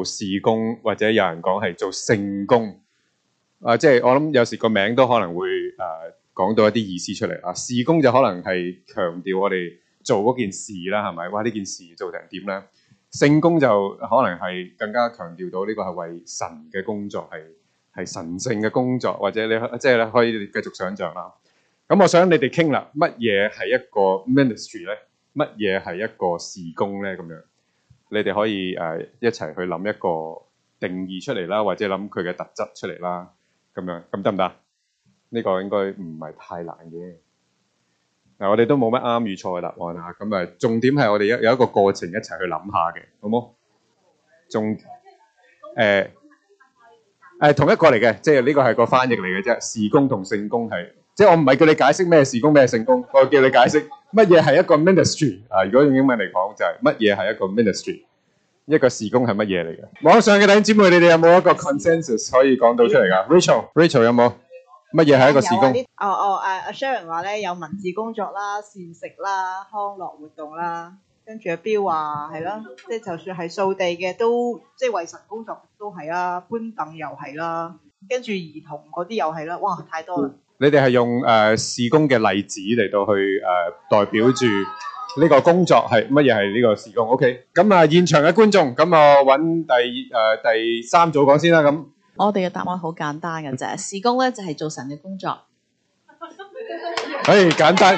做事工或者有人講係做聖工，啊、呃，即係我諗有時個名都可能會誒、呃、講到一啲意思出嚟啊。事工就可能係強調我哋做件事啦，係咪？哇，呢件事做成點咧？聖工就可能係更加強調到呢個係為神嘅工作，係係神聖嘅工作，或者你即係咧可以繼續想象啦。咁我想你哋傾啦，乜嘢係一個 ministry 咧？乜嘢係一個事工咧？咁樣。你哋可以誒、呃、一齊去諗一個定義出嚟啦，或者諗佢嘅特質出嚟啦，咁樣咁得唔得？呢、呢個應該唔係太難嘅。嗱、啊，我哋都冇乜啱與錯嘅答案啊。咁啊，重點係我哋有有一個過程一齊去諗下嘅，好冇？仲誒誒同一個嚟嘅，即係呢個係個翻譯嚟嘅啫。事工同成功係，即係我唔係叫你解釋咩事工咩成功，我叫你解釋。乜嘢係一個 ministry 啊？如果用英文嚟講，就係乜嘢係一個 ministry？一個事工係乜嘢嚟嘅？網上嘅弟兄姐妹，你哋有冇一個 consensus 可以講到出嚟噶？Rachel，Rachel 有冇乜嘢係一個事工？哦、啊、哦，誒、哦，阿、啊、Sharon 話咧有文字工作啦、膳食啦、康樂活動啦，跟住阿 Bill 話係啦，即係就算係掃地嘅都即係衛生工作都係啦，搬凳又係啦，嗯、跟住兒童嗰啲又係啦，哇，太多啦！嗯你哋係用誒事工嘅例子嚟到去誒代表住呢個工作係乜嘢係呢個事工？OK，咁啊現場嘅觀眾，咁啊揾第誒第三組講先啦。咁我哋嘅答案好簡單嘅啫，事工咧就係做神嘅工作。嘿，簡單，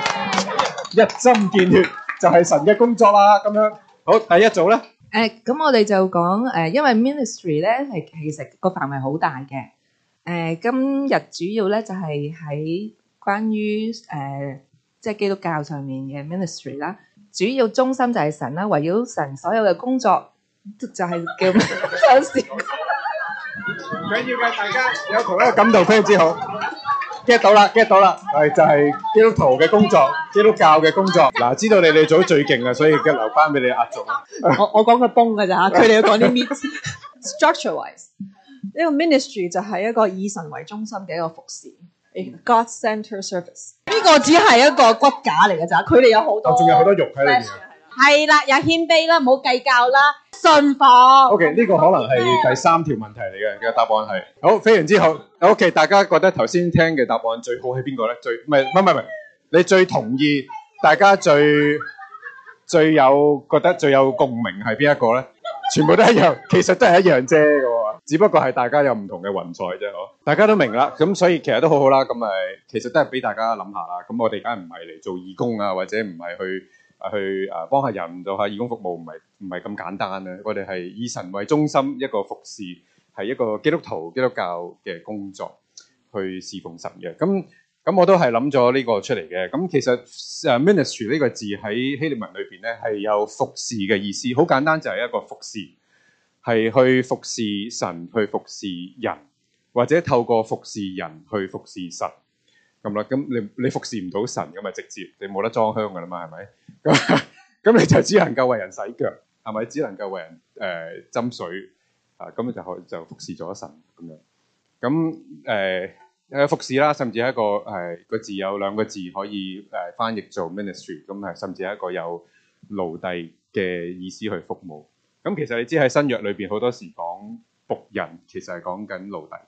一針見血，就係神嘅工作啦。咁樣好，第一組咧。誒，咁我哋就講誒，因為 ministry 咧係其實個範圍好大嘅。誒，今日主要咧就係喺關於誒，即係基督教上面嘅 ministry 啦。主要中心就係神啦，圍繞神所有嘅工作，就係叫咩？唔緊要嘅，大家有同一個感動非常之好，get 到啦，get 到啦。係就係基督徒嘅工作，基督教嘅工作。嗱，知道你哋做最勁啦，所以嘅留翻俾你壓軸。我我講個崩嘅咋吓，佢哋要講啲咩 structure wise。呢個 ministry 就係一個以神為中心嘅一個服侍。God-centred service，嗯。呢個只係一個骨架嚟嘅咋，佢哋有好多，仲、哦、有好多肉喺裏邊。係啦，有謙卑啦，唔好計較啦，信服。OK，呢個可能係第三條問題嚟嘅嘅答案係。好，飛完之後 ，OK，大家覺得頭先聽嘅答案最好係邊個咧？最唔係唔係唔係，你最同意， 大家最最有覺得最有共鳴係邊一個咧？ 全部都一樣，其實都係一樣啫嘅只不過係大家有唔同嘅雲彩啫，嗬！大家都明啦，咁所以其實都好好啦。咁咪其實都係俾大家諗下啦。咁我哋梗係唔係嚟做義工啊，或者唔係去去誒幫下人，做下義工服務，唔係唔係咁簡單啊！我哋係以神為中心一個服侍，係一個基督徒基督教嘅工作去侍奉神嘅。咁咁我都係諗咗呢個出嚟嘅。咁其實 ministry 呢個字喺希臘文裏邊咧，係有服侍嘅意思，好簡單就係一個服侍。係去服侍神，去服侍人，或者透過服侍人去服侍神咁啦。咁你你服侍唔到神，咁啊直接你冇得裝香㗎喇嘛，係咪？咁咁你就只能夠為人洗腳，係咪？只能夠為人誒斟、呃、水啊，咁你就可就服侍咗神咁樣。咁誒誒服侍啦，甚至係一個誒個、呃、字有兩個字可以誒、呃、翻譯做 ministry，咁係甚至係一個有奴隸嘅意思去服務。咁其實你知喺新約裏邊好多時講僕人，其實係講緊奴隸。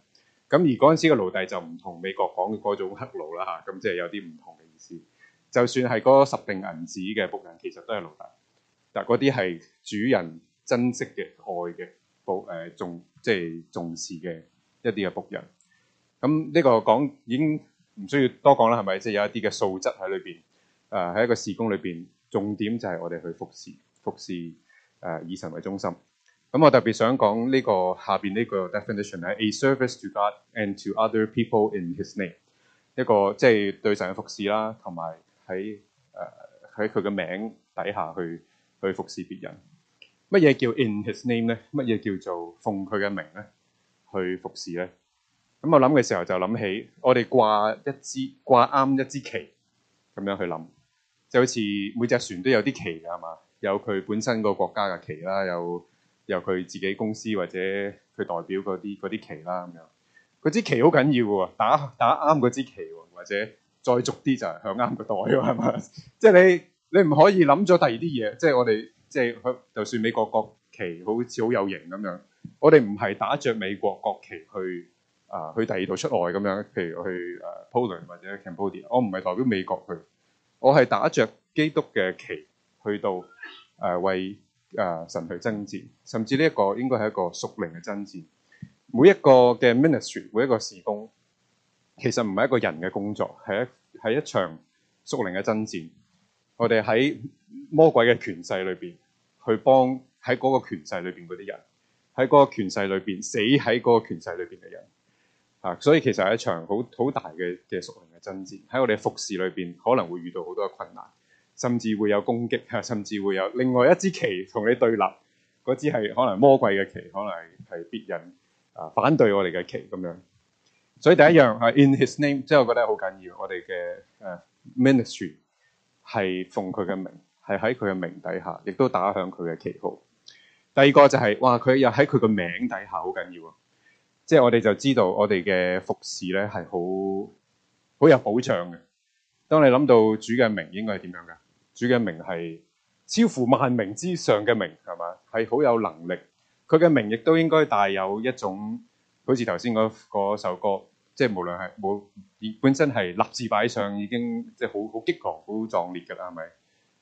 咁而嗰陣時嘅奴隸就唔同美國講嘅嗰種黑奴啦嚇，咁即係有啲唔同嘅意思。就算係嗰十錠銀子嘅僕人，其實都係奴隸。但嗰啲係主人珍惜嘅、愛嘅、呃、重誒重即係重視嘅一啲嘅僕人。咁呢個講已經唔需要多講啦，係咪？即係有一啲嘅素質喺裏邊。誒、呃、喺一個事工裏邊，重點就係我哋去服侍。服侍。誒以神為中心，咁我特別想講呢、這個下邊呢個 definition 係 a service to God and to other people in His name。一個即係、就是、對神嘅服侍啦，同埋喺誒喺佢嘅名底下去去服侍別人。乜嘢叫 in His name 咧？乜嘢叫做奉佢嘅名咧？去服侍咧？咁我諗嘅時候就諗起我哋掛一支掛啱一支旗咁樣去諗，就好似每隻船都有啲旗㗎係嘛？有佢本身個國家嘅旗啦，有有佢自己公司或者佢代表嗰啲嗰啲旗啦咁樣。佢支旗好緊要嘅喎，打打啱嗰支旗喎，或者再俗啲就係向啱個袋喎，係嘛？ 即係你你唔可以諗咗第二啲嘢。即係我哋即係就算美國國旗好似好有型咁樣，我哋唔係打着美國國旗去啊、呃、去第二度出外咁樣。譬如去 Poland 或者 Cambodia，我唔係代表美國去，我係打着基督嘅旗。去到誒為誒神去爭戰，甚至呢一個應該係一個屬靈嘅爭戰，每一個嘅 ministry 每一個事工，其實唔係一個人嘅工作，係一係一場屬靈嘅爭戰，我哋喺魔鬼嘅權勢裏邊去幫喺嗰個權勢裏邊啲人，喺嗰個權勢裏邊死，喺嗰個權勢裏邊嘅人。啊，所以其實係一場好好大嘅嘅屬靈嘅爭戰，喺我哋服侍裏邊可能會遇到好多嘅困難。甚至會有攻擊啊！甚至會有另外一支旗同你對立，嗰支係可能魔鬼嘅旗，可能係係別人啊反對我哋嘅旗。咁樣。所以第一樣係 In His Name，即係我覺得好緊要，我哋嘅誒 Ministry 係奉佢嘅名，係喺佢嘅名底下，亦都打響佢嘅旗號。第二個就係哇，佢又喺佢嘅名底下好緊要啊！即係我哋就知道我哋嘅服侍咧係好好有保障嘅。當你諗到主嘅名應該係點樣㗎？主嘅名係超乎萬名之上嘅名，係咪？係好有能力。佢嘅名亦都應該帶有一種，好似頭先嗰首歌，即係無論係冇本身係立志擺上，已經即係好好激昂、好壯烈㗎啦，係咪？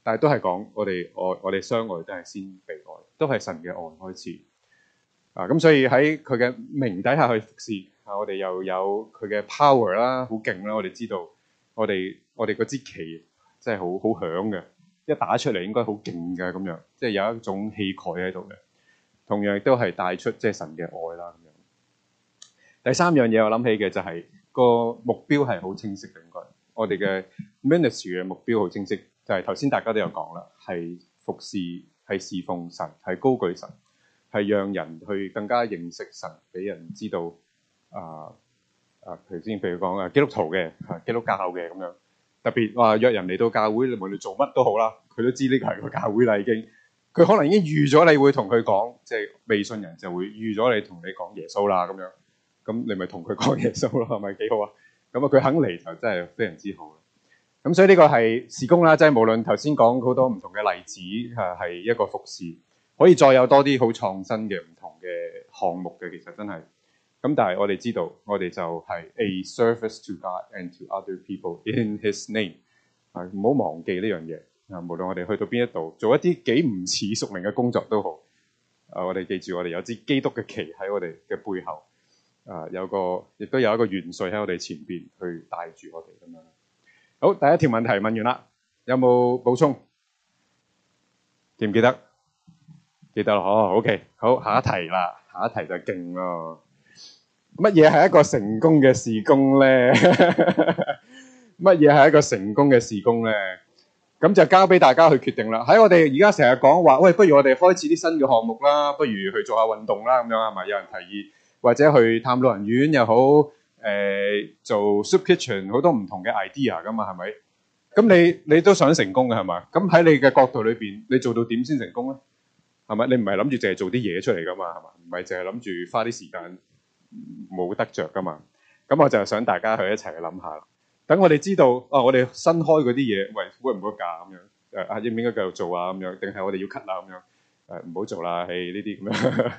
但係都係講我哋愛，我哋相愛都係先被愛，都係神嘅愛開始。啊，咁所以喺佢嘅名底下去服侍，啊，我哋又有佢嘅 power 啦，好勁啦！我哋知道我，我哋我哋嗰支旗。即係好好響嘅，一打出嚟，應該好勁嘅咁樣，即係有一種氣概喺度嘅。同樣都係帶出即係神嘅愛啦咁樣。第三樣嘢我諗起嘅就係、是、個目標係好清晰嘅，應該我哋嘅 ministry 嘅目標好清晰，就係頭先大家都有講啦，係服侍，係侍奉神，係高舉神，係讓人去更加認識神，俾人知道啊啊！頭先譬如講啊，基督徒嘅啊，基督教嘅咁樣。特別話約人嚟到教會，無論你做乜都好啦，佢都知呢個係個教會啦，已經。佢可能已經預咗你會同佢講，即係未信人就會預咗你同你講耶穌啦，咁樣。咁你咪同佢講耶穌咯，係咪幾好啊？咁啊，佢肯嚟就真係非常之好。咁所以呢個係事工啦，即係無論頭先講好多唔同嘅例子，係一個服侍，可以再有多啲好創新嘅唔同嘅項目嘅，其實真係。咁但係我哋知道，我哋就係 a service to God and to other people in His name 啊！唔好忘記呢樣嘢啊！無論我哋去到邊一度，做一啲幾唔似宿命嘅工作都好啊！我哋記住，我哋有支基督嘅旗喺我哋嘅背後啊，有個亦都有一個元帥喺我哋前邊去帶住我哋咁樣。好，第一條問題問完啦，有冇補充？記唔記得？記得咯，好、哦、OK。好，下一題啦，下一題就勁咯。乜嘢係一個成功嘅事工咧？乜嘢係一個成功嘅事工咧？咁就交俾大家去決定啦。喺我哋而家成日講話，喂，不如我哋開始啲新嘅項目啦，不如去做下運動啦，咁樣係咪？有人提議或者去探老人院又好，誒，做 soup kitchen 好多唔同嘅 idea 噶嘛，係咪？咁你你都想成功嘅係咪？咁喺你嘅角度裏邊，你做到點先成功咧？係咪？你唔係諗住淨係做啲嘢出嚟噶嘛？係嘛？唔係淨係諗住花啲時間。冇得着噶嘛？咁我就想大家去一齊去諗下。等我哋知道啊，我哋新開嗰啲嘢，喂會唔會降咁樣？誒、啊，要應唔應該繼續做啊？咁樣定係我哋要 cut 啊？咁樣誒，唔好做啦。誒，呢啲咁樣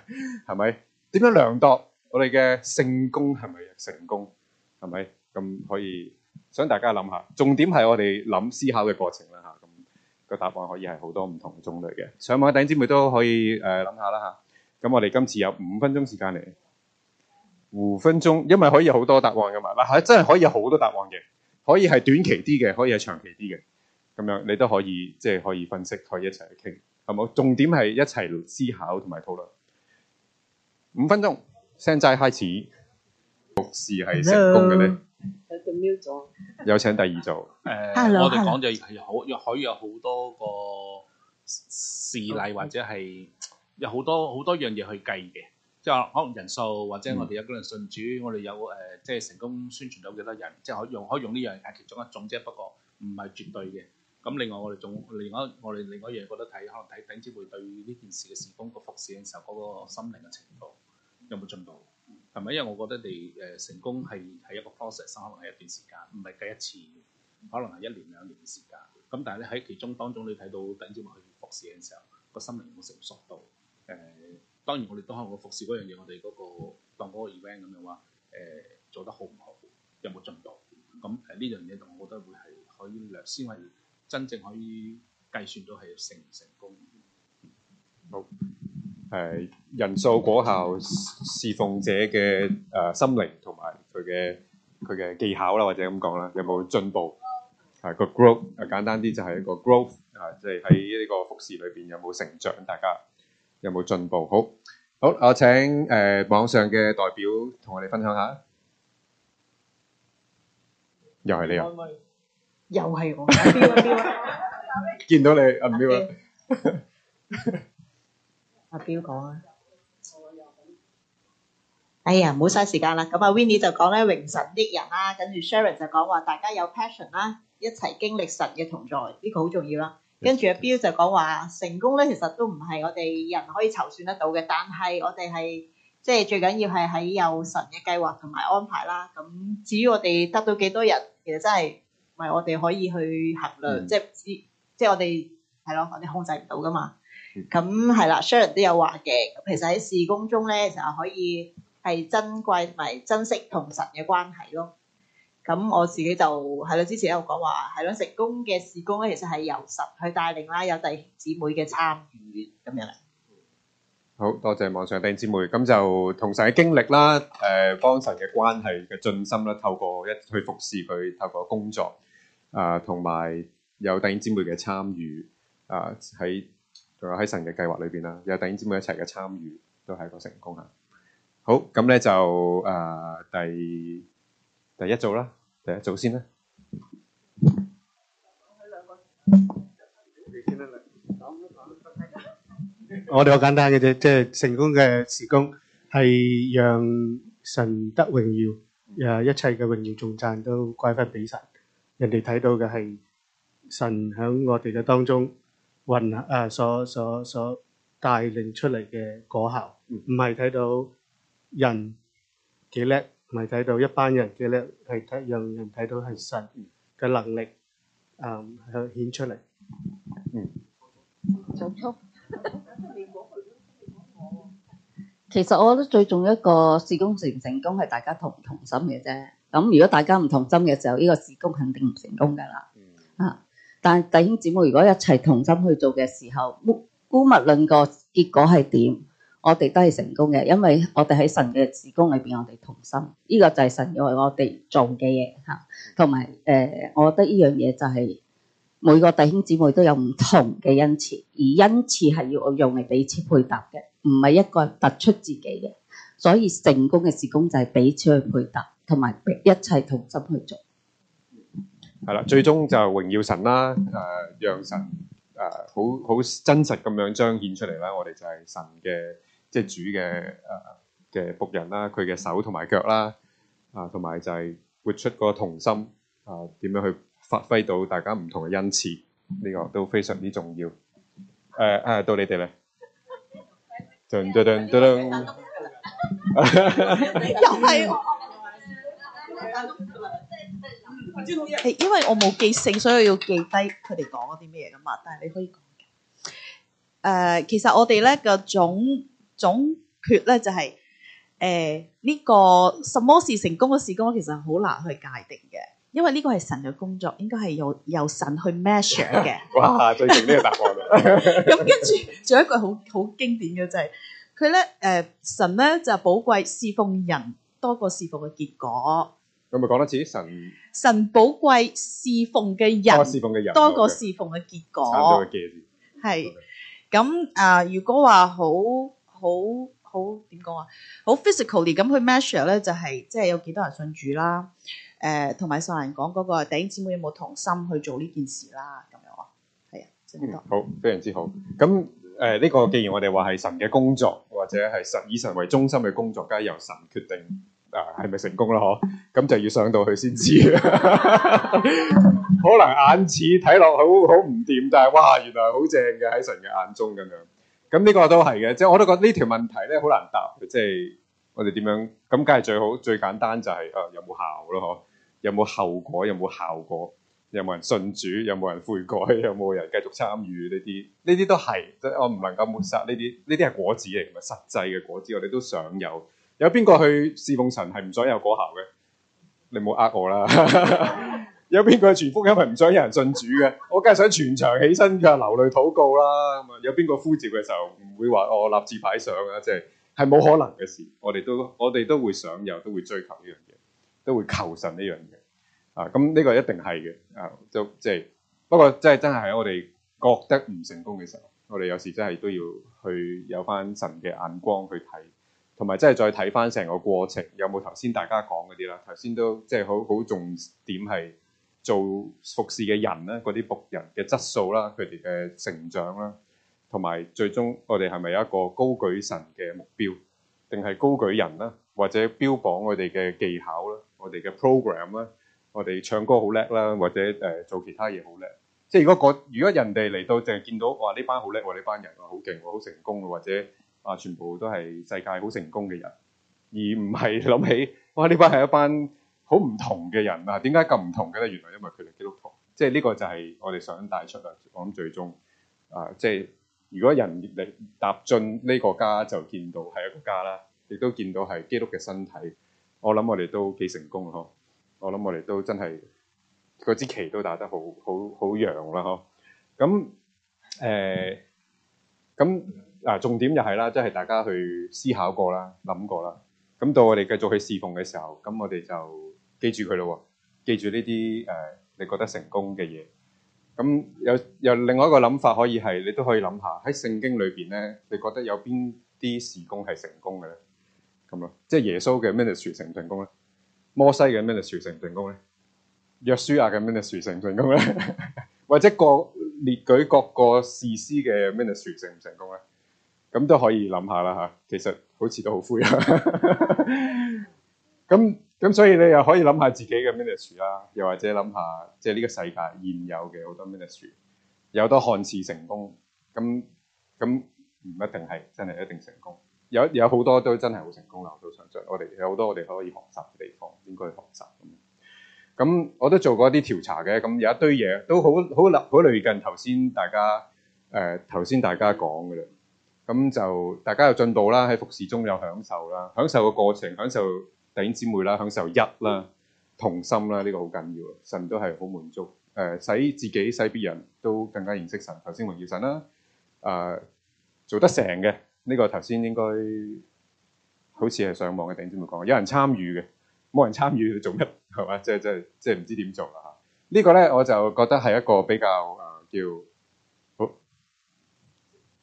係咪？點樣量度我哋嘅成功係咪成功？係咪咁可以想大家諗下？重點係我哋諗思考嘅過程啦。吓、啊、咁、個答案可以係好多唔同種類嘅。上網嘅弟兄姊妹都可以誒諗、呃、下啦。吓、啊、咁，我哋今次有五分鐘時間嚟。五分鐘，因為可以好多答案噶嘛，嗱，真係可以好多答案嘅，可以係短期啲嘅，可以係長期啲嘅，咁樣你都可以即係、就是、可以分析，可以一齊去傾，係冇？重點係一齊思考同埋討論。五分鐘，聲齋開始，服侍係成功嘅咧。Hello. 有請第二組。有請第二組。誒 Hello.，我哋講就係好，又可以有好多個事例，Okay. 或者係有好多好多樣嘢去計嘅。即係可能人數，或者我哋有幾多人信主，嗯、我哋有誒、呃、即係成功宣傳咗幾多人，即係可以用可以用呢樣嘢。其中一種啫。即係不過唔係絕對嘅。咁另外我哋仲、嗯、另外我哋另外一樣覺得睇，可能睇頂尖會對呢件事嘅成功個服侍嘅時候嗰個心靈嘅程度有冇進步，係咪、嗯？因為我覺得你誒、呃、成功係係一個 process，可能係一段時間，唔係計一次，可能係一年兩年嘅時間。咁、嗯、但係咧喺其中當中你睇到頂尖會去服侍嘅時候，個心靈有冇成熟到誒？呃呃當然我當我我、那個，我哋都下個服侍嗰樣嘢，我哋嗰個當嗰個 event 咁樣話，誒、呃、做得好唔好，有冇進步？咁誒呢樣嘢，我覺得會係可以略先係真正可以計算到係成唔成功。好，誒、呃、人數、果效、侍奉者嘅誒、呃、心靈同埋佢嘅佢嘅技巧啦，或者咁講啦，有冇進步？係、啊、個 growth，簡單啲就係一個 growth，啊，即係喺呢個服侍裏邊有冇成長？大家。有冇進步？好好，我請誒網上嘅代表同我哋分享下。又係你啊？又係我。見到你啊，阿彪啊！阿彪講啊！哎呀，唔好嘥時間啦。咁啊，Winnie 就講咧榮神益人啦，跟住 Sharon 就講話大家有 passion 啦，一齊經歷神嘅同在，呢個好重要啦。跟住阿 Bill 就講話成功咧，其實都唔係我哋人可以籌算得到嘅，但係我哋係即係最緊要係喺有神嘅計劃同埋安排啦。咁至於我哋得到幾多人，其實真係唔係我哋可以去衡量、嗯，即係知，即係我哋係咯，我哋控制唔到噶嘛。咁係啦 Sharon 都有話嘅，其實喺事工中咧，就可以係珍貴同埋珍惜同神嘅關係咯。咁我自己就係咯，之前喺度講話係咯，成功嘅事工咧，其實係由神去帶領啦，有弟兄姊妹嘅參與咁樣啦。好多謝網上弟兄姊妹，咁就同神嘅經歷啦，誒、呃、幫神嘅關係嘅盡心啦，透過一去服侍佢，透過工作啊，同、呃、埋有，有弟兄姊妹嘅參與啊，喺、呃、仲有喺神嘅計劃裏邊啦，有弟兄姊妹一齊嘅參與，都係一個成功啦。好，咁咧就誒、呃、第。第一做啦，第一做先啦。我哋好簡單嘅啫，即係成功嘅事工，係讓神得榮耀，誒，一切嘅榮耀頌讚都歸翻俾神。人哋睇到嘅係神喺我哋嘅當中運誒，所所所帶領出嚟嘅果效，唔係睇到人幾叻。唔係睇到一班人嘅咧，係睇讓人睇到係神嘅能力，啊，響顯出嚟。嗯。早促。其實我覺得最重要一個事工成唔成功係大家同唔同心嘅啫。咁如果大家唔同心嘅時候，呢個事工肯定唔成功噶啦。嗯。啊，但係弟兄姊妹如果一齊同心去做嘅時候，姑勿論個結果係點，我哋都係成功嘅，因為我哋喺神嘅事工裏邊，我哋同心，呢、呢個就係神要為我哋做嘅嘢吓，同埋誒，我覺得呢樣嘢就係每個弟兄姊妹都有唔同嘅恩賜，而恩賜係要用嚟彼此配搭嘅，唔係一個突出自己嘅。所以成功嘅事工就係彼此去配搭，同埋一切同心去做。係啦，最終就榮耀神啦，誒、呃，讓神誒、呃、好好真實咁樣彰顯出嚟啦。我哋就係神嘅。即係主嘅誒嘅仆人啦，佢嘅手同埋腳啦，啊，同埋就係活出嗰個童心啊，點樣去發揮到大家唔同嘅恩賜？呢個都非常之重要。誒誒，到你哋啦！又係誒，因為我冇記性，所以要記低佢哋講啲咩嘢㗎嘛。但係你可以講嘅。誒，其實我哋咧個種。總決咧就係誒呢個什麼是成功嘅事工，其實好難去界定嘅，因為呢個係神嘅工作，應該係由由神去 measure 嘅。 哇！的 最勁呢個答案。 咁跟住仲有一個好好經典嘅就係佢咧誒神咧就寶、是、貴侍奉人多過侍奉嘅 結果。咁咪講得似神？神寶貴侍奉嘅人，多侍奉嘅人，多過侍奉嘅結果。差係咁啊！如果話好。好好點講啊，好 physical 啲咁去 measure 咧，就是，就係即係有幾多人信主啦，誒、呃，同埋受人講嗰個弟兄姊妹有冇同心去做呢件事啦，咁樣啊，係啊，真係多、嗯、好，非常之好。咁誒，呢、呃這個既然我哋話係神嘅工作，或者係神以神為中心嘅工作，梗係由神決定，呃、是是啊，係咪成功啦？嗬，咁就要上到去先知，可能眼次睇落好好唔掂，但係哇，原來好正嘅喺神嘅眼中咁樣。咁呢個都係嘅，即係我都覺得呢條問題咧好難答，即係我哋點樣咁？梗係最好最簡單就係誒有冇效咯，嗬、啊？有冇後果？有冇效果？有冇人信主？有冇人悔改？有冇人繼續參與呢啲？呢啲都係即係我唔能夠抹殺呢啲，呢啲係果子嚟，咪實際嘅果子，我哋都想有。有邊個去侍奉神係唔想有果效嘅？你冇呃我啦。 有邊個傳福音係唔想有人信主嘅 一？我梗係想全場起身，佢流淚禱告啦。咁啊一，有邊個呼召嘅時候唔會話我立志擺上啊，就是？即係係冇可能嘅事。一我哋都我哋都會想有，都會追求呢樣嘢，都會求神呢樣嘢。啊，咁、嗯、呢、這個一定係嘅。啊，就，就即係不過，真係真係喺我哋覺得唔成功嘅時候，我哋有時真係都要去有翻神嘅眼光去睇，同埋真係再睇翻成個過程有冇頭先大家講嗰啲啦。頭先都即係好好重點係。做服侍嘅人咧，嗰啲僕人嘅質素啦，佢哋嘅成長啦，同埋最終我哋係咪一個高舉神嘅目標定係高舉人啦，或者標榜我哋嘅技巧啦，我哋嘅 program 啦，我哋唱歌好叻啦，或者誒、呃、做其他嘢好叻。即係如果個如果人哋嚟到淨係見到，哇！呢班好叻，我哋呢班人啊好勁，好成功，嘅，或者啊全部都係世界好成功嘅人，而唔係諗起哇呢班係一班。好唔同嘅人啊？點解咁唔同嘅咧？原來因為佢哋基督徒，即係呢個就係我哋想帶出嚟啊。我諗最終啊，即係如果人嚟踏進呢個家，就見到係一個家啦，亦都見到係基督嘅身體。我諗我哋都幾成功咯，我諗我哋都真係嗰支旗都打得好好好揚啦，嗬。咁誒，咁嗱，重點就係啦，即係大家去思考過啦，諗過啦。咁到我哋繼續去侍奉嘅時候，咁我哋就。記住佢咯，記住呢啲誒你覺得成功嘅嘢，咁有有另外一個諗法可以係，你都可以諗下喺聖經裏邊咧，你覺得有邊啲事工係成功嘅咧？咁咯，即係耶穌嘅 ministry 成唔成功咧？摩西嘅 ministry 成唔成功咧？約書亞嘅 ministry 成唔成功咧？ 或者各列舉各個士師嘅 ministry 成唔成功咧？咁都可以諗下啦吓、啊，其實好似都好灰啊，咁。 咁所以你又可以諗下自己嘅 ministry 啦，又或者諗下即係呢個世界現有嘅好多 ministry，有多看似成功，咁咁唔一定係真係一定成功。有有好多都真係好成功，我都想像。我哋有好多我哋可以學習嘅地方，應該去學習。咁我都做過一啲調查嘅，咁有一堆嘢都好好好類近頭先大家誒頭先大家講嘅啦。咁就大家有進步啦，喺服侍中有享受啦，享受嘅過程，享受。弟兄姊妹啦，享受一啦，嗯、同心啦，呢、這個好緊要，神都係好滿足，誒、呃，使自己使別人都更加認識神。頭先黃耀神啦，誒、呃，做得成嘅呢個頭先應該好似係上網嘅弟兄姊妹講，有人參與嘅，冇人參與佢做咩？係嘛？即係即係即係唔知點做啦吓。啊這個、呢個咧我就覺得係一個比較誒、呃、叫好，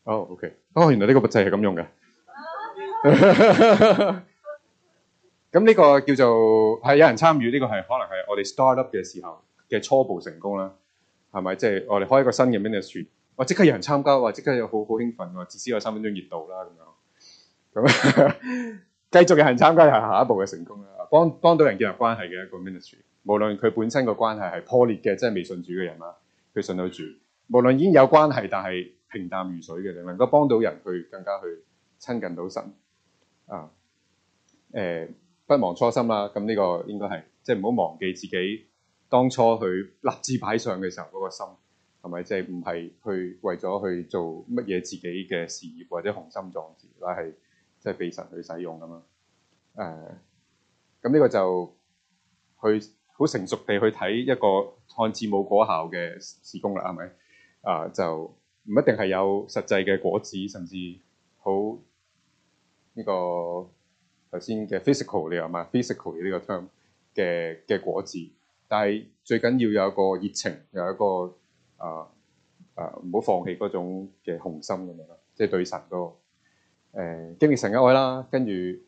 哦，OK，哦，原來呢個字係咁用嘅。啊 咁呢個叫做係有人參與，呢個係可能係我哋 start up 嘅時候嘅初步成功啦，係咪？即係我哋開一個新嘅 ministry，我即刻有人參加，話即刻又好好興奮，話至少有三分鐘熱度啦，咁樣咁 繼續有人參加又下一步嘅成功啦，幫幫到人建立關係嘅一個 ministry，無論佢本身個關係係破裂嘅，即係未信主嘅人啦，佢信到主，無論已經有關係但係平淡如水嘅，能夠幫到人去更加去親近到神啊，誒、欸。不忘初心啦，咁呢個應該係即係唔好忘記自己當初去立志擺上嘅時候嗰個心，係咪即係唔係去為咗去做乜嘢自己嘅事業或者雄心壯志，或者係即係被神去使用咁啊？誒、呃，咁呢個就去好成熟地去睇一個看似冇果效嘅事工啦，係咪？啊、呃，就唔一定係有實際嘅果子，甚至好呢、這個。頭先嘅 physical 你係咪 physical 呢個 term 嘅嘅果子，但係最緊要有一個熱情，有一個啊啊唔好放棄嗰種嘅雄心咁樣咯，即係對神個誒、呃、經歷神嘅愛啦，跟住誒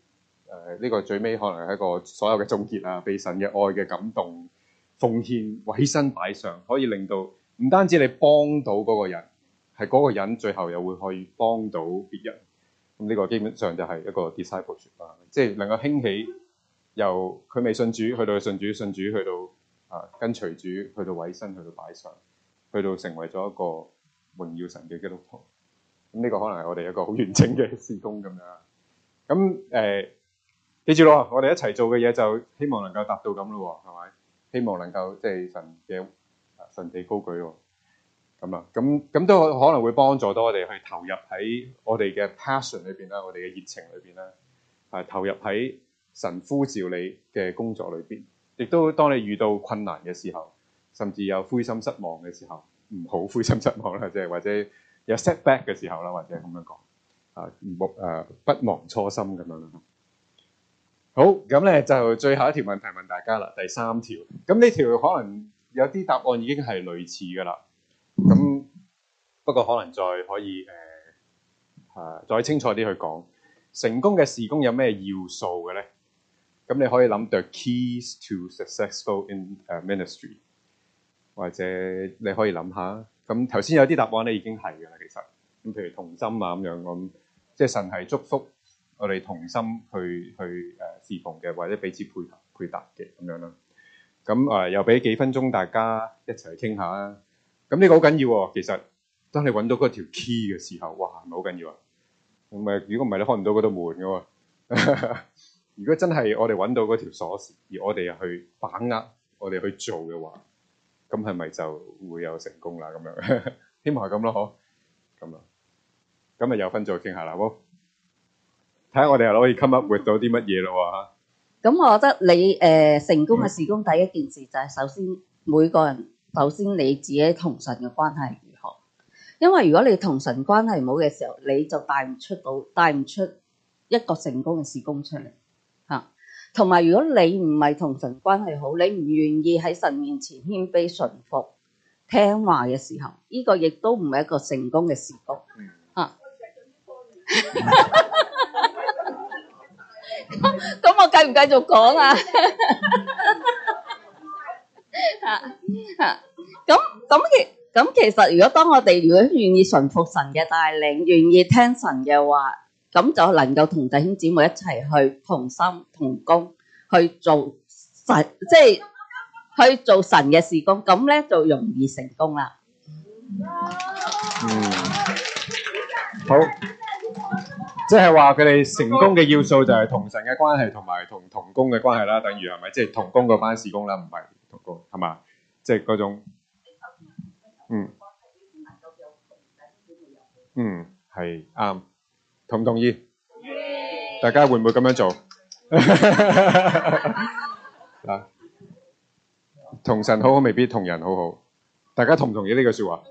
呢個最尾可能係一個所有嘅總結啊，被神嘅愛嘅感動奉獻委身擺上，可以令到唔單止你幫到嗰個人，係嗰個人最後又會去幫到別人。呢個基本上就係一個 discipleship 即係能夠興起，由佢未信主去到信主，信主去到啊、呃、跟隨主，去到委身，去到擺上，去到成為咗一個榮耀神嘅基督徒。咁、嗯、呢、這個可能係我哋一個好完整嘅事工咁樣。咁、嗯、誒、呃，記住咯，我哋一齊做嘅嘢就希望能夠達到咁咯，係咪？希望能夠即係神嘅啊神嘅高舉。咁啊，咁咁都可能會幫助到我哋去投入喺我哋嘅 passion 裏邊啦，我哋嘅熱情裏邊啦，啊投入喺神呼召你嘅工作裏邊，亦都當你遇到困難嘅時候，甚至有灰心失望嘅時候，唔好灰心失望啦，即係或者有 setback 嘅時候啦，或者咁樣講，啊不啊不忘初心咁樣啦。好，咁咧就最後一條問題問大家啦，第三條，咁呢條可能有啲答案已經係類似噶啦。咁不過可能再可以誒，係、呃、再清楚啲去講成功嘅事工有咩要素嘅咧？咁你可以諗 The keys to successful in 誒、uh, ministry，或者你可以諗下。咁頭先有啲答案咧已經係噶啦。其實咁，譬如同心啊，咁樣咁，即係神係祝福我哋同心去去誒侍奉嘅，或者彼此配合配搭嘅咁樣啦。咁誒、呃，又俾幾分鐘大家一齊去傾下啦。咁呢個好緊要、啊，其實當你揾到嗰條 key 嘅時候，哇，係咪好緊要啊？咁咪如果唔係，你開唔到嗰道門噶喎、啊。 如果真係我哋揾到嗰條鎖匙，而我哋去把握，我哋去做嘅話，咁係咪就會有成功啦、啊？咁樣， 希望係咁咯，嗬？咁啊，咁咪有分再傾下啦，好？睇下看看我哋又可以 come up with 到啲乜嘢咯，吓、嗯。咁我覺得你誒成功嘅事工，第一件事就係首先每個人。首先你自己同神嘅關係如何？因為如果你同神關係唔好嘅時候，你就帶唔出到帶唔出一個成功嘅事工出嚟。吓、啊，同埋如果你唔係同神關係好，你唔願意喺神面前謙卑順服聽話嘅時候，呢、這個亦都唔係一個成功嘅事工。吓、啊，咁 我繼唔繼續講啊？ 啊啊！咁咁其咁其實，如果當我哋如果願意順服神嘅帶領，願意聽神嘅話，咁就能夠同弟兄姊妹一齊去同心同工去做神，即係去做神嘅事工，咁咧就容易成功啦。嗯，好，即係話佢哋成功嘅要素就係同神嘅關係同埋同同工嘅關係啦，等於係咪？即係同工嗰班事工啦，唔係。係嘛？即係嗰種，嗯，嗯，係啱，同唔同意？同意？大家會唔會咁樣做？啊意， 同神好好未必同人好好，大家同唔同意呢句說話？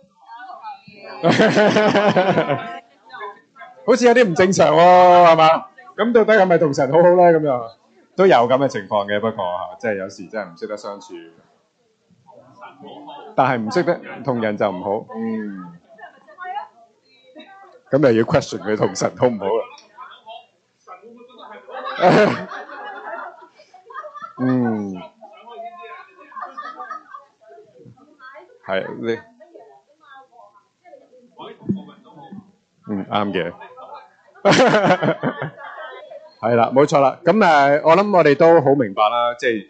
同意 好似有啲唔正常喎，啊，係嘛？咁 到底係咪同神好好咧？咁樣？都有咁嘅情況嘅，不過嚇，即係有時真係唔識得相處，但係唔識得同人就唔好，嗯，咁又要 question 佢同神好唔好啦，嗯，係你，嗯啱嘅。 係啦，冇錯啦。咁誒，我諗我哋都好明白啦。即係誒、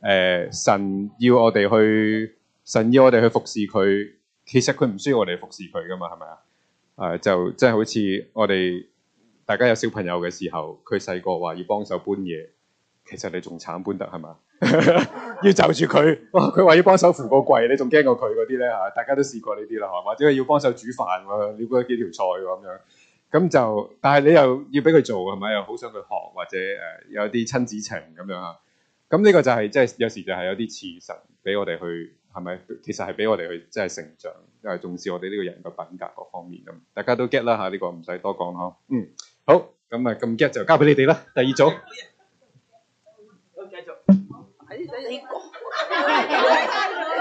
呃，神要我哋去，神要我哋去服侍佢。其實佢唔需要我哋服侍佢噶嘛，係咪啊？誒、呃，就即係好似我哋大家有小朋友嘅時候，佢細個話要幫手搬嘢，其實你仲慘搬得係嘛？ 要就住佢，哇、哦！佢話要幫手扶個櫃，你仲驚過佢嗰啲咧吓？大家都試過呢啲啦，吓或者要幫手煮飯，你估過幾條菜喎、啊，咁樣。咁就，但係你又要俾佢做啊，係咪？又好想去學或者誒、呃、有啲親子情咁樣啊？咁、嗯、呢個就係即係有時就係有啲刺身俾我哋去係咪？其實係俾我哋去即係、就是、成長，因為重視我哋呢個人嘅品格各方面咁。大家都 get 啦嚇，呢、這個唔使多講咯。嗯，好，咁啊，咁 get 就交俾你哋啦。第二組， 繼續，睇睇你講，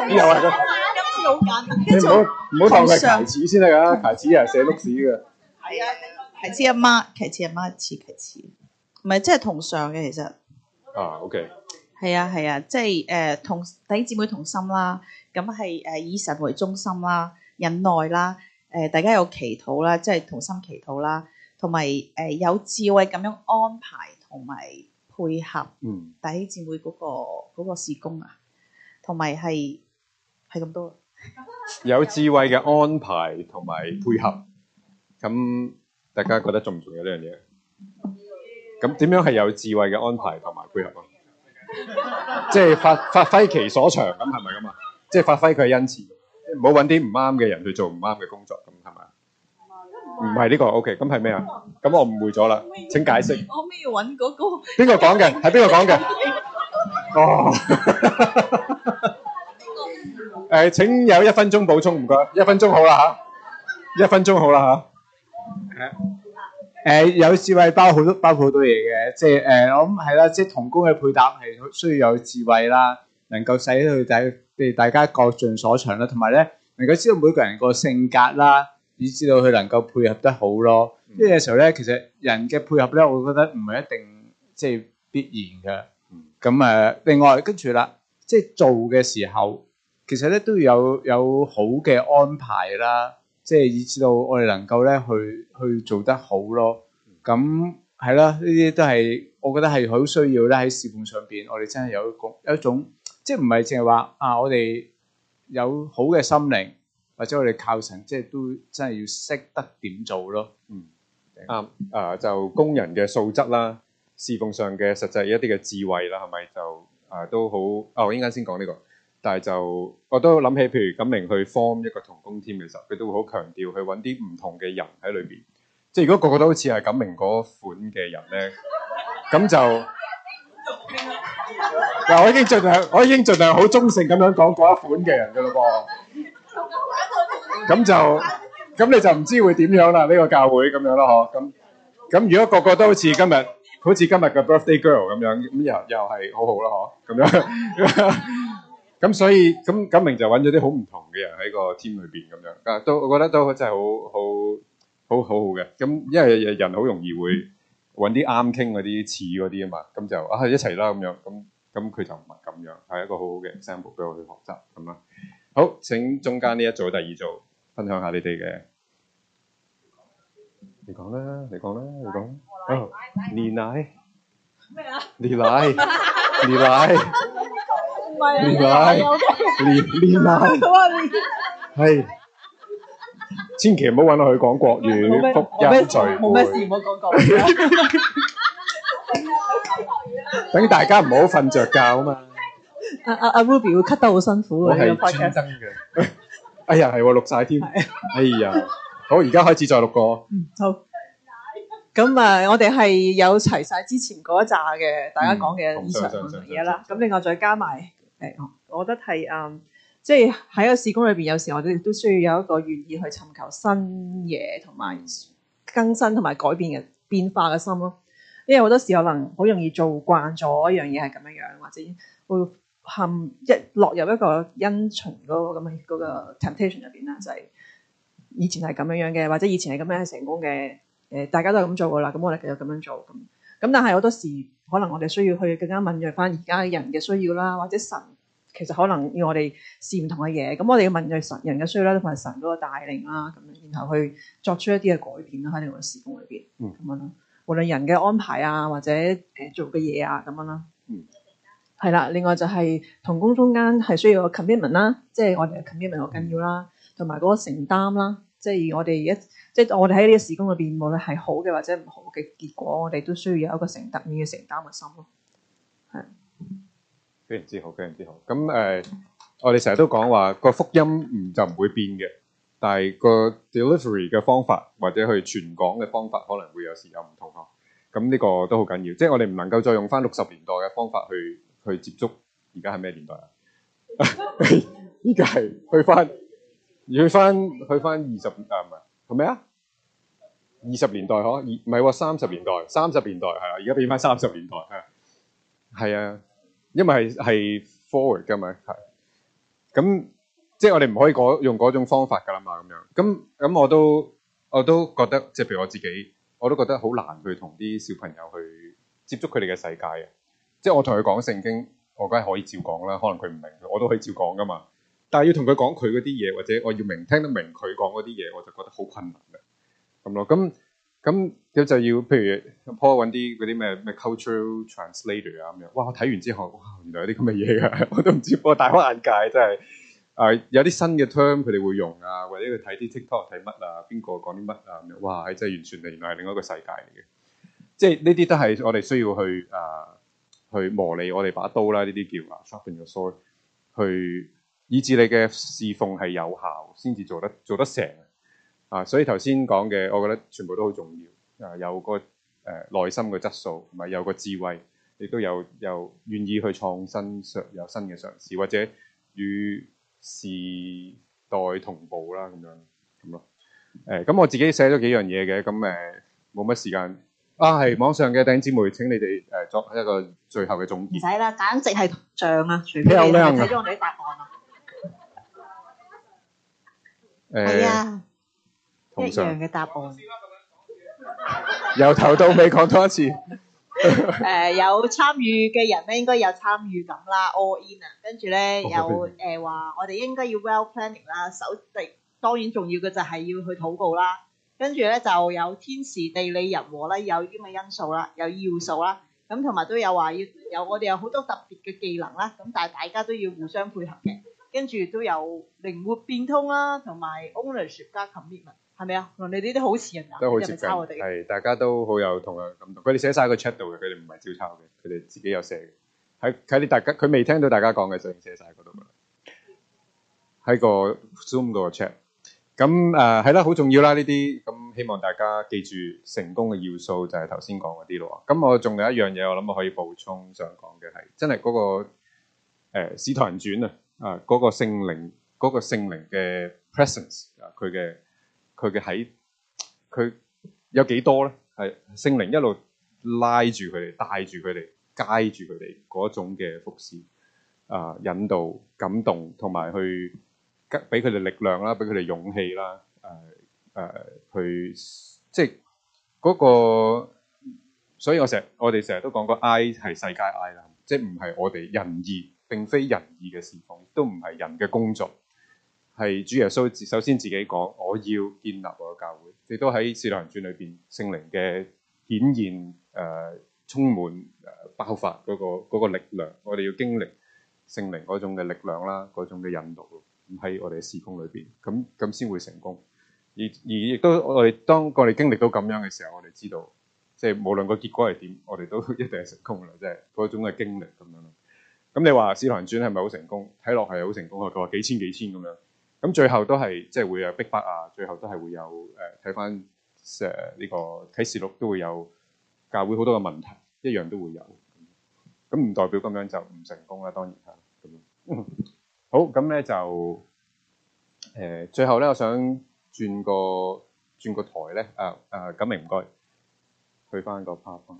又係咁，今次好簡單，跟住唔好唔好停，牌子先得㗎，牌子係寫碌屎嘅。係啊，其次阿媽，其次阿媽次其次，唔係即係同上嘅其實。啊，OK。係啊係啊，okay。即係誒同弟兄姊妹同心啦，咁係誒以神為中心啦，忍耐啦，誒、呃、大家有祈禱啦，即係同心祈禱啦，同埋誒有智慧咁樣安排同埋配合，嗯，弟兄姊妹嗰、嗰個、嗰個事工啊，同埋係係咁多。 有智慧嘅安排同埋配合。嗯。咁大家覺得重唔重要呢樣嘢？咁點樣係有智慧嘅安排同埋配合啊？即係 發發揮其所長，咁係咪咁啊？即係發揮佢嘅恩賜，唔好揾啲唔啱嘅人去做唔啱嘅工作，咁係咪？唔係呢個 OK，咁係咩啊？咁我誤會咗啦，請解釋。我未揾嗰個？邊個講嘅？係邊個講嘅？哦。誒，請有一分鐘補充，唔該，一分鐘好啦嚇，一分鐘好啦嚇。誒，誒，有智慧包好多包括好多嘢嘅，即係誒，我諗係啦，即係同工嘅配搭係需要有智慧啦，能夠使到佢哋大家各盡所長啦，同埋咧能夠知道每個人個性格啦，以知道佢能夠配合得好咯。因為有時候咧，其實人嘅配合咧，我覺得唔係一定即係必然噶。咁誒，另外跟住啦，即係做嘅時候，其實咧都要有有好嘅安排啦。即係以至到我哋能夠咧去去做得好咯，咁係啦，呢啲都係我覺得係好需要咧喺侍奉上邊，我哋真係有個有一種即係唔係淨係話啊，我哋有好嘅心靈或者我哋靠神，即係都真係要識得點做咯。嗯，啱啊、呃，就工人嘅素質啦，侍奉上嘅實際一啲嘅智慧啦，係咪就啊都好？哦，應該先講呢個。但係就，我都諗起，譬如錦明去 form 一個同工添嘅時候，佢都會好強調去揾啲唔同嘅人喺裏邊。即係如果個個都好似係錦明嗰款嘅人咧，咁就嗱， 我已經盡量，我已經盡量好中性咁樣講嗰一款嘅人噶咯噃。咁就，咁你就唔知會點樣啦？呢個教會咁樣啦，嗬？咁咁如果個個都好似今日，好似今日嘅 Birthday Girl 咁樣，咁又又係好好啦，嗬？咁樣。 咁所以咁咁明就揾咗啲好唔同嘅人喺個 team 裏邊，咁樣，啊都我覺得都真係好好好，好好好好好嘅。咁因為人好容易會揾啲啱傾嗰啲似嗰啲啊嘛，咁就啊一齊啦咁樣，咁咁佢就唔係咁樣，係一個好好嘅 example 俾我去學習咁啦。好，請中間呢一組、第二組分享下你哋嘅。你講啦，你講啦，你講。李、哦、奶，咩？李奶，李奶。練奶，練練奶，係千祈唔好搵我去講國語，福音罪。冇咩事，唔好講國語。等大家唔好瞓着覺啊嘛。阿阿阿 Ruby 會咳得好辛苦啊！我係真真嘅。哎呀，係錄晒添。哎呀，好，而家開始再錄個。嗯，好。咁啊，我哋係有齊晒之前嗰一紮嘅大家講嘅以上嘢啦，咁另外再加埋。誒、哎，我覺得係嗯，即係喺一個事工裏邊，有時我哋都需要有一個願意去尋求新嘢，同埋更新同埋改變嘅變化嘅心咯。因為好多時可能好容易做慣咗一樣嘢係咁樣樣，或者會陷一落入一個因循嗰個咁嘅嗰個 temptation 入邊啦，就係、是、以前係咁樣樣嘅，或者以前係咁樣係成功嘅，誒、呃，大家都係咁做噶啦，咁我哋繼續咁樣做咁。咁但係好多時，可能我哋需要去更加敏鋭翻而家人嘅需要啦，或者神其實可能要我哋試唔同嘅嘢，咁我哋要敏鋭神人嘅需要啦，同埋神嗰個帶領啦，咁樣然後去作出一啲嘅改變啦，喺呢個事工裏邊，咁、嗯、樣啦，無論人嘅安排啊，或者誒做嘅嘢啊，咁樣啦，係啦、嗯，另外就係、是、同工中間係需要個 commitment 啦、啊，即、就、係、是、我哋嘅 commitment 好緊要啦，同埋嗰個承擔啦、啊。即係我哋一，即係我哋喺呢個事工裏邊，無論係好嘅或者唔好嘅結果，我哋都需要有一個承托你嘅承擔嘅心咯。係，非常之好，非常之好。咁誒，呃嗯、我哋成日都講話個福音唔就唔會變嘅，但係個 delivery 嘅方法或者去傳講嘅方法可能會有時有唔同咯。咁呢個都好緊要，即係我哋唔能夠再用翻六十年代嘅方法去去接觸。而家係咩年代啊？依家係去翻。去翻去翻二十啊唔係，係咪啊？二十年代嗬，二唔係喎三十年代，三、啊、十年代係啊，而家變翻三十年代係，係啊，因為係係 forward 噶嘛，係。咁、嗯、即係我哋唔可以用嗰種方法噶啦嘛，咁樣。咁、嗯、咁、嗯、我都我都覺得，即係譬如我自己，我都覺得好難去同啲小朋友去接觸佢哋嘅世界嘅。即係我同佢講聖經，我梗係可以照講啦，可能佢唔明，我都可以照講噶嘛。但係要同佢講佢嗰啲嘢，或者我要明聽得明佢講嗰啲嘢，我就覺得好困難嘅，咁咯。咁咁佢就要譬如 po 揾啲嗰啲咩咩 cultural translator 啊咁樣。哇！我睇完之後，哇！原來有啲咁嘅嘢嘅，我都唔知，我大開眼界真，真係誒有啲新嘅 term 佢哋會用啊，或者佢睇啲 TikTok 睇乜啊，邊個講啲乜啊咁樣。哇！係真係完全係原來係另一個世界嚟嘅，即係呢啲都係我哋需要去誒、啊、去磨利我哋把刀啦，呢啲叫啊 sharpen your sword 去。以至你嘅侍奉係有效，先至做得做得成啊！所以頭先講嘅，我覺得全部都好重要啊！有個誒內、呃、心嘅質素，同埋有個智慧，亦都有有願意去創新上有新嘅嘗試，或者與時代同步啦，咁樣咁咯。誒，咁、呃呃呃、我自己寫咗幾樣嘢嘅，咁誒冇乜時間啊，係網上嘅頂姊妹，請你哋誒、呃、作一個最後嘅總結。唔使啦，簡直係像啊！睇咗我哋啲答案啊！係啊，嗯、一樣嘅答案。 由頭到尾講多一次。誒、 呃，有參與嘅人咧，應該有參與感啦，all in 啊。跟住咧，Okay. 有誒話，呃、我哋應該要 well planning 啦。首先當然重要嘅就係要去禱告啦。跟住咧就有天時地利人和啦，有啲咩嘅因素啦，有要素啦。咁同埋都有話要有，我哋有好多特別嘅技能啦。咁但係大家都要互相配合嘅。跟住都有靈活變通啦，同埋 ownership 加 commitment，係咪啊？同你呢啲好似啊，都好接近。係大家都好有同樣感動。佢哋寫晒個 chat 度嘅，佢哋唔係照抄嘅，佢哋自己有寫嘅。喺喺啲大家，佢未聽到大家講嘅，就寫晒嗰度啦。喺個 Zoom 嗰個 chat，咁誒係啦，好重要啦呢啲。咁希望大家記住成功嘅要素就係頭先講嗰啲咯。咁我仲有一樣嘢我諗我可以補充想講嘅係，真係嗰個誒使徒行傳啊。啊！嗰個聖靈，嗰個聖靈嘅 presence 啊，佢嘅佢嘅喺佢有幾多咧？係聖靈一路拉住佢哋，帶住佢哋，挨住佢哋嗰種嘅服侍啊，引導、感動，同埋去給俾佢哋力量啦，俾佢哋勇氣啦，誒誒，佢即係嗰個。所以我成日我哋成日都講個 I 係世界 I 啦，即係唔係我哋人意。並非人意嘅事工，都唔係人嘅工作，係主耶穌首先自己講：我要建立我嘅教會。亦都喺四郎傳裏邊，聖靈嘅顯現誒、呃，充滿誒、呃、爆發嗰個嗰個力量，我哋要經歷聖靈嗰種嘅力量啦，嗰種嘅引導，咁喺我哋嘅事工裏邊，咁咁先會成功。而而亦都我哋當我哋經歷到咁樣嘅時候，我哋知道，即係無論個結果係點，我哋都一定係成功嘅，即係嗰種嘅經歷咁樣。咁、嗯、你話《使徒行傳》係咪好成功？睇落係好成功啊！佢話幾千幾千咁樣，咁最後都係即係會有逼迫啊！最後都係會有誒，睇翻誒呢個啟示錄都會有教會好多嘅問題，一樣都會有。咁唔代表咁樣就唔成功啦，當然嚇咁樣 好咁咧就誒、呃，最後咧我想轉個轉個台咧啊啊！錦明唔該，去翻個 part 翻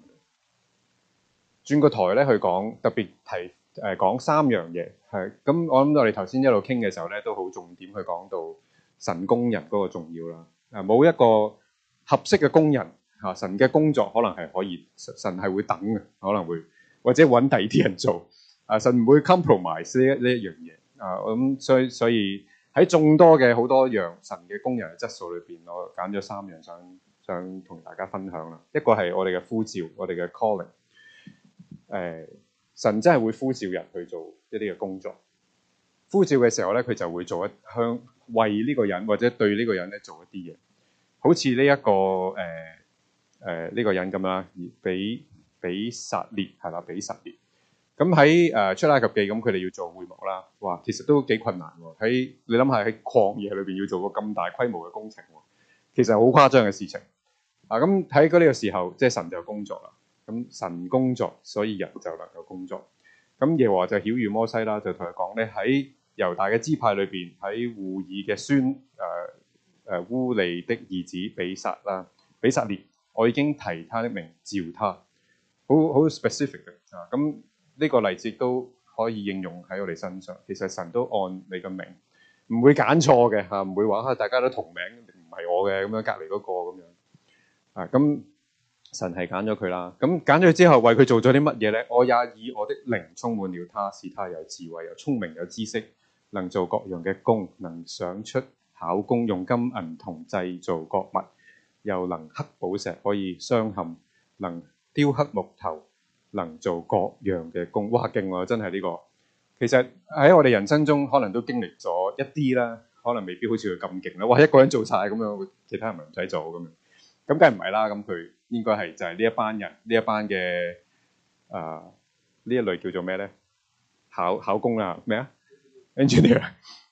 轉個台咧去講，特別提。誒講三樣嘢係咁，我諗我哋頭先一路傾嘅時候咧，都好重點去講到神工人嗰個重要啦。誒冇一個合適嘅工人嚇、啊，神嘅工作可能係可以神係會等嘅，可能會或者揾第二啲人做。誒、啊、神唔會 compro m i 埋呢呢一樣嘢啊。咁所以所以喺眾多嘅好多樣神嘅工人嘅質素裏邊，我揀咗三樣想想同大家分享啦。一個係我哋嘅呼召，我哋嘅 calling 誒、呃。神真係會呼召人去做一啲嘅工作，呼召嘅時候咧，佢就會做一向為呢個人或者對呢個人咧做一啲嘢，好似呢一個誒誒呢個人咁啦，而比比撒列係啦，比撒列咁喺誒出埃及記，咁佢哋要做會幕啦。哇，其實都幾困難喎。喺你諗下，喺曠野裏邊要做個咁大規模嘅工程，其實好誇張嘅事情。啊，咁喺呢個時候，即係神就工作啦。咁神工作，所以人就能夠工作。咁耶和就曉喻摩西啦，就同佢講，你喺猶大嘅支派裏邊，喺戶珥嘅孫誒誒烏利的兒子比撒啦，比撒列，我已經提他的名召他，好好 specific 啊。咁呢個例子都可以應用喺我哋身上。其實神都按你嘅名，唔會揀錯嘅吓，唔會話吓大家都同名，唔係我嘅咁樣，隔籬嗰個咁樣啊。咁神係揀咗佢啦，咁揀咗之後為佢做咗啲乜嘢呢？我也以我的靈充滿了他，使他有智慧、有聰明、有知識，能做各樣嘅工，能想出巧工，用金銀銅製造各物，又能刻寶石，可以鑲嵌，能雕刻木頭，能做各樣嘅工。哇勁喎！真係呢個，其實喺我哋人生中可能都經歷咗一啲啦，可能未必好似佢咁勁啦。哇！一個人做晒，咁樣，其他人咪唔使做咁樣，咁梗係唔係啦？咁佢。應該係就係、是、呢一班人，呢一班嘅啊呢一類叫做咩咧？考考工啦、啊，咩啊？engineer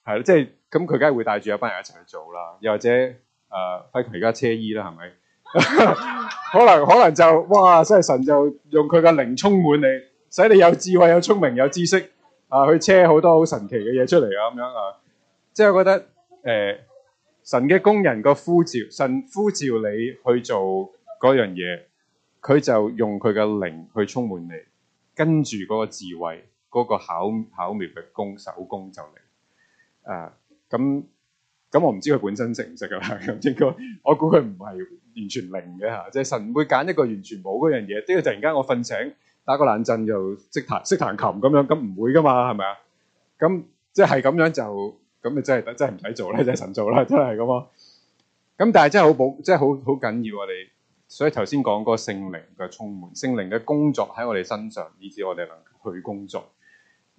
係咯，即係咁佢梗係會帶住一班人一齊去做啦。又或者誒，包括而家車衣啦，係咪？ 可能可能就哇，真係神就用佢嘅靈充滿你，使你有智慧、有聰明、有知識啊，去車好多好神奇嘅嘢出嚟啊，咁樣啊。即係我覺得誒、呃，神嘅工人個呼召，神呼召你去做。嗰樣嘢，佢就用佢嘅靈去充滿嚟，跟住嗰個智慧、嗰、嗰個巧巧妙嘅工手工就嚟。誒、啊，咁咁我唔知佢本身識唔識噶啦。咁應該，我估佢唔係完全靈嘅嚇。即、就、係、係、神會揀一個完全冇嗰樣嘢。只要突然間我瞓醒，打個冷震又識彈識彈琴咁樣，咁唔會噶嘛，係咪啊？咁即係咁樣就咁咪真係真係唔使做啦，真係神做啦，真係咁啊！咁但係真係好保，真係好好緊要啊！我哋。所以頭先講過聖靈嘅充滿，聖靈嘅工作喺我哋身上，以至我哋能去工作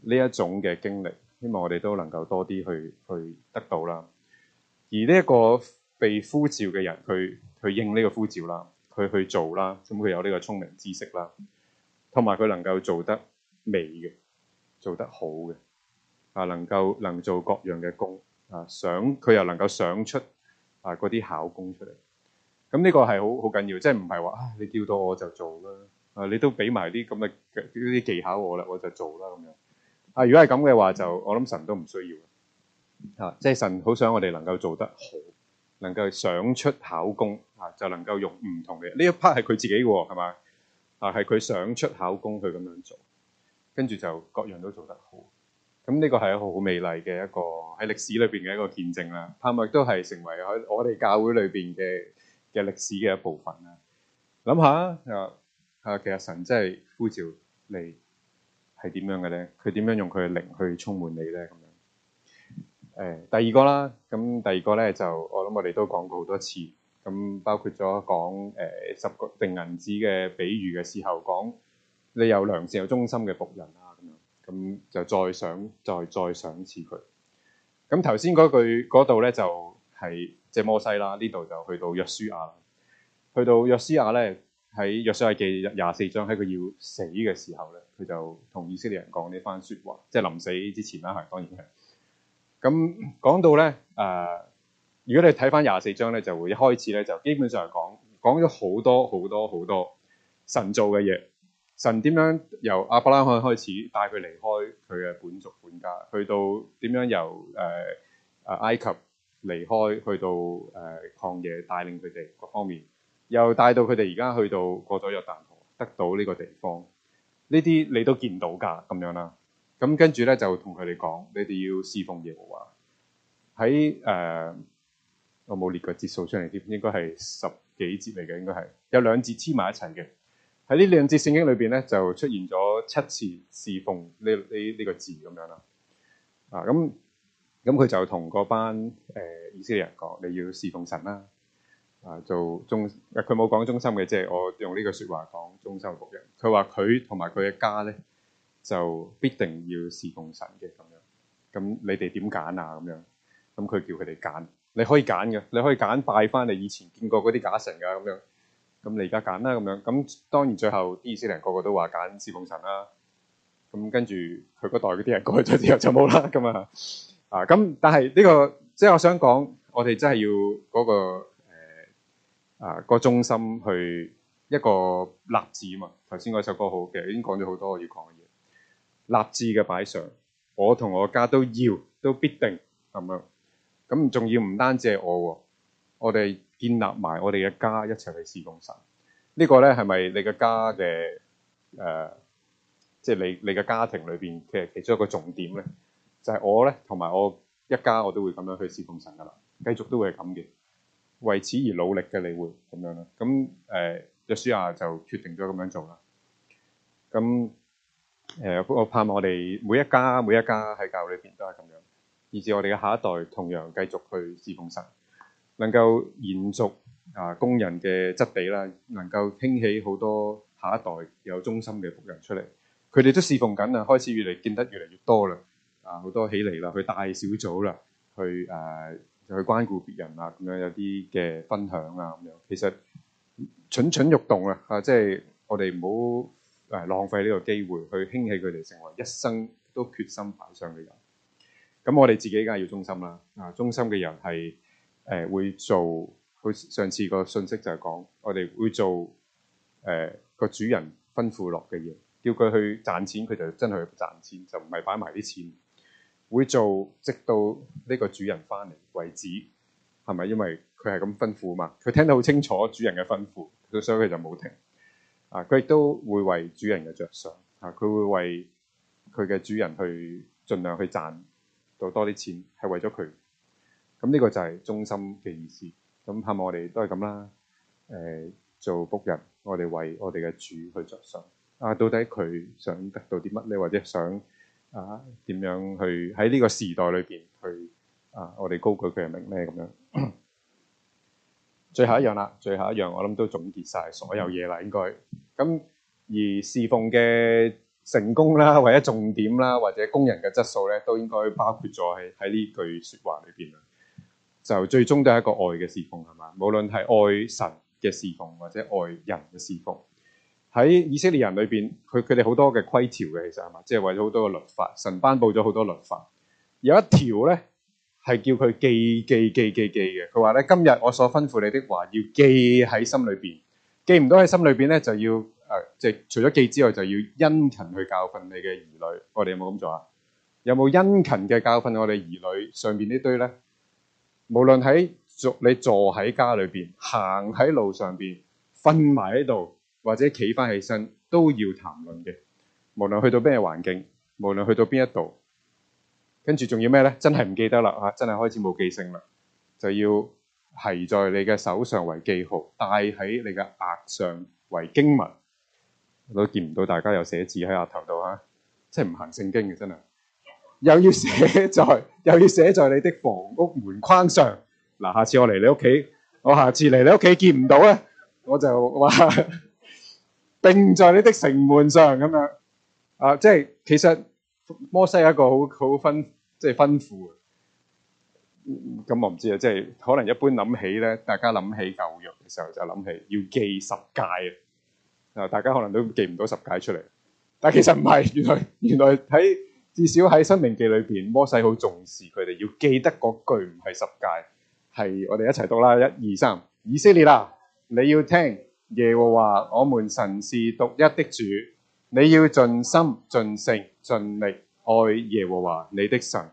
呢一種嘅經歷，希望我哋都能夠多啲去去得到啦。而呢一個被呼召嘅人，佢去應呢個呼召啦，佢去做啦，咁佢有呢個聰明知識啦，同埋佢能夠做得美嘅，做得好嘅，啊能夠能做各樣嘅工，啊想佢又能夠想出啊嗰啲巧工出嚟。咁呢個係好好緊要，即係唔係話啊你叫到我就做啦，啊你都俾埋啲咁嘅啲技巧我啦，我就做啦咁樣。啊如果係咁嘅話，就我諗神都唔需要啦、啊。即係神好想我哋能夠做得好，嗯、能夠想出考工嚇，就能夠用唔同嘅呢一 part 係佢自己喎，係咪？啊係佢想出考工，佢、啊、咁、啊、樣做，跟住就各樣都做得好。咁、啊、呢、這個係一個好美麗嘅一個喺歷史裏邊嘅一個見證啦。盼望亦都係成為喺我哋教會裏邊嘅嘅歷史嘅一部分啦，諗下啊啊，其實神真係呼召你係點樣嘅咧？佢點樣用佢嘅靈去充滿你咧？咁樣誒、欸，第二個啦，咁第二個咧就我諗我哋都講過好多次，咁包括咗講誒、欸、十個定銀子嘅比喻嘅時候，講你有良善有忠心嘅僕人啊，咁樣咁就再想，再再賞一次佢。咁頭先嗰句嗰度咧就。係即摩西啦，呢度就去到約書亞，去到約書亞咧，喺約書亞記廿四章，喺佢要死嘅時候咧，佢就同以色列人講呢番説話，即係臨死之前啦，係當然嘅。咁、嗯、講到咧，誒、呃，如果你睇翻廿四章咧，就會一開始咧就基本上係講講咗好多好多好多神做嘅嘢，神點樣由亞伯拉罕開始帶佢離開佢嘅本族本家，去到點樣由誒、呃、埃及。離開去到誒、呃、曠野，帶領佢哋各方面，又帶到佢哋而家去到過咗約旦河，得到呢個地方。呢啲你都見到㗎，咁樣啦。咁、嗯、跟住咧就同佢哋講：你哋要侍奉耶和華。喺誒，我冇、呃、列個節數出嚟添，應該係十幾節嚟嘅，應該係有兩節黐埋一齊嘅。喺呢兩節聖經裏邊咧，就出現咗七次侍奉呢呢呢個字咁樣啦。啊，咁、嗯。咁佢就同嗰班誒、呃、以色列人講：你要侍奉神啦、啊，啊做忠，佢冇講忠心嘅，即係我用呢句説話講忠心僕人。佢話佢同埋佢嘅家咧就必定要侍奉神嘅咁樣。咁你哋點揀啊？咁樣咁佢叫佢哋揀，你可以揀嘅，你可以揀拜翻你以前見過嗰啲假神噶咁樣。咁你而家揀啦咁樣。咁當然最後啲以色列人個個都話揀侍奉神啦、啊。咁跟住佢嗰代嗰啲人過咗之後就冇啦咁啊。 啊，咁但係呢、這個，即係我想講、那個，我哋真係要嗰個啊個中心去一個立志啊嘛。頭先嗰首歌好，嘅已經講咗好多我要講嘅嘢。立志嘅擺上，我同我家都要，都必定咁樣。咁仲要唔單止係我，我哋建立埋我哋嘅家一齊去事奉神。這個、呢個咧係咪你嘅家嘅誒，即、呃、係、就是、你你嘅家庭裏邊嘅其中一個重點咧？就係我咧，同埋我一家，我都會咁樣去侍奉神噶啦。繼續都會係咁嘅，為此而努力嘅你會咁樣啦。咁誒，約書亞就決定咗咁樣做啦。咁誒、呃，我盼望我哋每一家每一家喺教裏邊都係咁樣，以至我哋嘅下一代同樣繼續去侍奉神，能夠延續啊、呃、工人嘅質地啦，能夠興起好多下一代有忠心嘅僕人出嚟。佢哋都侍奉緊啦，開始越嚟見得越嚟越多啦。啊！好多起嚟啦，去大小組啦，去誒、呃，去關顧別人啦，咁樣有啲嘅分享啊，咁樣其實蠢蠢欲動啊！嚇，即係我哋唔好誒浪費呢個機會去興起佢哋成為一生都決心擺上嘅人。咁我哋自己梗係要忠心啦。啊，忠心嘅人係誒、呃、會做佢上次個訊息就係講，我哋會做誒、呃、個主人吩咐落嘅嘢，叫佢去賺錢，佢就真係去賺錢，就唔係擺埋啲錢。會做直到呢個主人翻嚟為止，係咪？因為佢係咁吩咐嘛，佢聽得好清楚主人嘅吩咐，所以佢就冇停。啊，佢亦都會為主人嘅着想，啊，佢會為佢嘅主人去盡量去賺到多啲錢，係為咗佢。咁、啊、呢、呢個就係忠心嘅意思。咁係咪我哋都係咁啦。誒、呃，做僕人，我哋為我哋嘅主去着想。啊，到底佢想得到啲乜咧？或者想？啊！點樣去喺呢個時代裏邊去啊？我哋高舉佢嘅名咧咁樣？最後一樣啦，最後一樣，我諗都總結晒所有嘢啦，應該咁而侍奉嘅成功啦，或者重點啦，或者工人嘅質素咧，都應該包括咗喺喺呢句説話裏邊啊！就最終都係一個愛嘅侍奉係嘛？無論係愛神嘅侍奉，或者愛人嘅侍奉。喺以色列人裏邊，佢佢哋好多嘅規條嘅，其實係嘛，即係為咗好多嘅律法，神頒布咗好多律法。有一條咧係叫佢記記記記記嘅。佢話咧，今日我所吩咐你的話要記喺心裏邊，記唔到喺心裏邊咧就要誒，即係除咗記之外就要殷勤去教訓你嘅兒女。我哋有冇咁做啊？有冇殷勤嘅教訓我哋兒女？上邊呢堆咧，無論喺你坐喺家裏邊，行喺路上邊，瞓埋喺度，或者企翻起身都要談論嘅，無論去到咩嘅環境，無論去到邊一度，跟住仲要咩咧？真係唔記得啦吓，真係開始冇記性啦，就要係在你嘅手上為記號，戴喺你嘅額上為經文。我都見唔到大家有寫字喺額頭度吓，即係唔行聖經嘅真係，又要寫在，又要寫在你的房屋門框上。嗱，下次我嚟你屋企，我下次嚟你屋企見唔到咧，我就話。 定在你的城門上咁樣，啊，即係其實摩西係一個好好吩即係吩咐啊。咁、嗯、我唔知啊，即係可能一般諗起咧，大家諗起舊約嘅時候就諗起要記十誡啊。大家可能都記唔到十誡出嚟，但係其實唔係，原來原來喺至少喺申命記裏邊，摩西好重視佢哋要記得嗰句，唔係十誡，係我哋一齊讀啦，一二三，以色列啊，你要聽。耶和華，我們神是獨一的主，你要盡心、盡性、盡力愛耶和華你的神，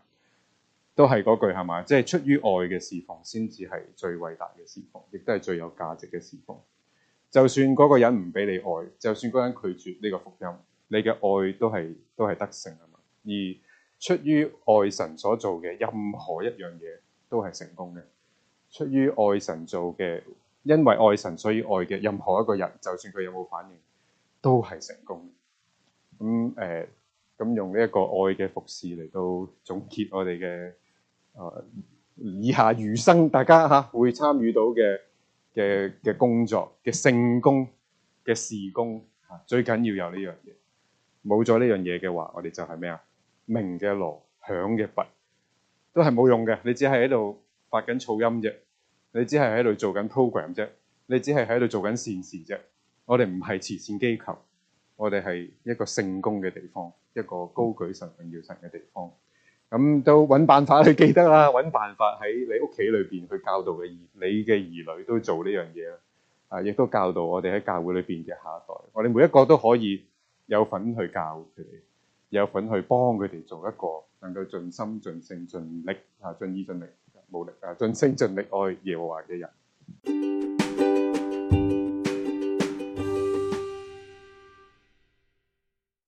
都係嗰句係嘛？即係、就是、出於愛嘅侍奉，先至係最偉大嘅侍奉，亦都係最有價值嘅侍奉。就算嗰個人唔俾你愛，就算嗰個人拒絕呢個福音，你嘅愛都係都係得勝啊嘛！而出於愛神所做嘅任何一樣嘢，都係成功嘅。出於愛神做嘅。因為愛神所以愛嘅任何一個人，就算佢有冇反應，都係成功。咁、嗯、誒，咁、呃嗯、用呢一個愛嘅服侍嚟到總結我哋嘅誒以下餘生，大家嚇會參與到嘅嘅嘅工作嘅聖工、嘅事工，最緊要有呢樣嘢。冇咗呢樣嘢嘅話，我哋就係咩啊？鳴嘅鑼，響嘅鈸，都係冇用嘅。你只係喺度發緊噪音啫。你只係喺度做緊 program 啫，你只係喺度做緊善事啫。我哋唔係慈善機構，我哋係一個聖工嘅地方，一個高舉神榮耀神嘅地方。咁都揾辦法去記得啦，揾辦法喺你屋企裏邊去教導你嘅兒，你嘅兒女都做呢樣嘢啦。啊，亦都教導我哋喺教會裏邊嘅下一代，我哋每一個都可以有份去教佢哋，有份去幫佢哋做一個能夠盡心盡性盡力啊，盡意盡力。無力啊！升盡心盡力愛耶和華嘅人。